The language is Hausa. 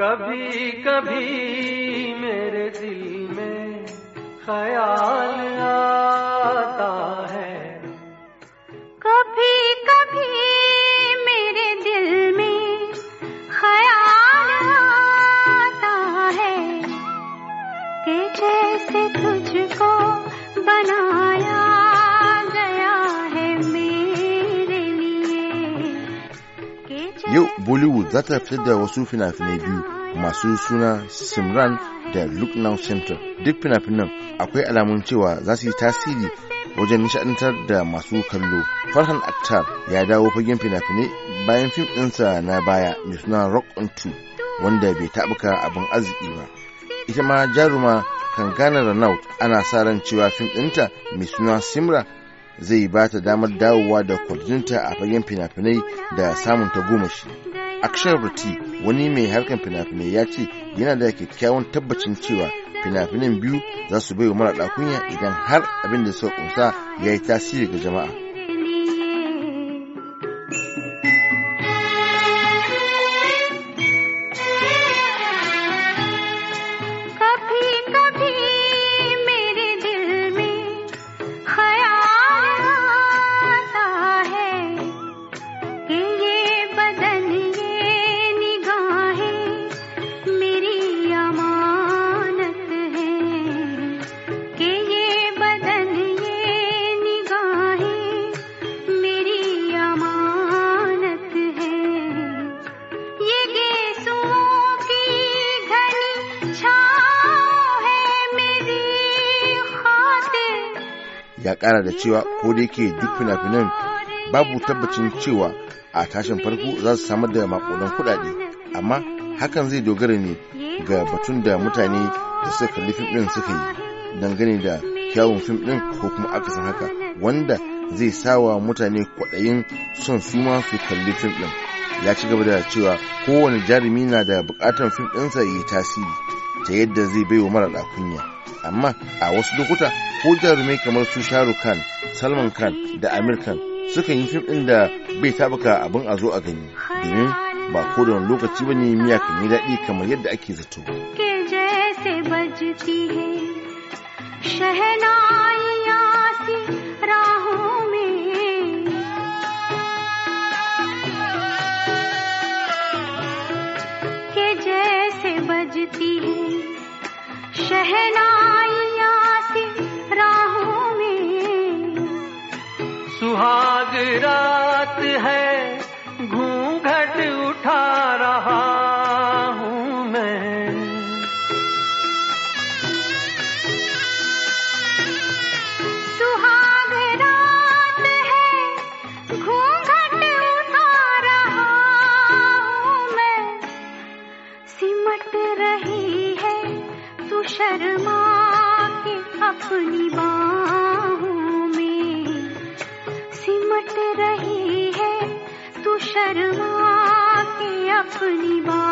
कभी कभी मेरे दिल में ख्याल आ Yau Bollywood za ta fitar da wasu fina-finai biyu masu suna Simran da Lucknow Center. Duk fina-finan akwai alamun cewa za su yi tasiri wajen nishadantar da masu kallo. Farhan Akhtar ya dawo fagen fina-finai bayan fim ɗinsa na baya mai suna Rock on Two wanda bai taɓuka abin arziki ba. Ita ma jaruma kan gane Ranaut ana sa ran cewa fim ɗinta mai suna Simra zai ba ta damar dawowa da kwaljinta a fagen fina-finai da samun ta goma shi Akshar Bati wani mai harkar fina-finai ya ce yana da kyakkyawan tabbacin cewa fina-finan biyu za su bai wa mara kunya idan har abin da suka kunsa ya yi tasiri ga jama'a. ya kara da cewa ko da yake duk fina-finan babu tabbacin cewa a tashin farko za su samar da makudan kudade amma hakan zai dogara ne ga batun da mutane da suka kalli fim din suka yi dangane da kyawun fim din ko kuma san haka wanda zai sawa mutane kwaɗayin son su ma su kalli fim din ya ci gaba da cewa kowane jarumi na da bukatar fim ɗinsa ya yi tasiri ta yadda zai baiwa mara kunya. amma a wasu lokuta ko jarumai kamar su shahrukh khan salman khan da amir khan sukan yi fim ɗin da bai taɓuka abin a zo a gani domin ba ko da wani lokaci ba ne miya kan yi daɗi kamar yadda ake zato. शहना सुहाग रात है घूंघट उठा रहा शर्मा की अपनी बात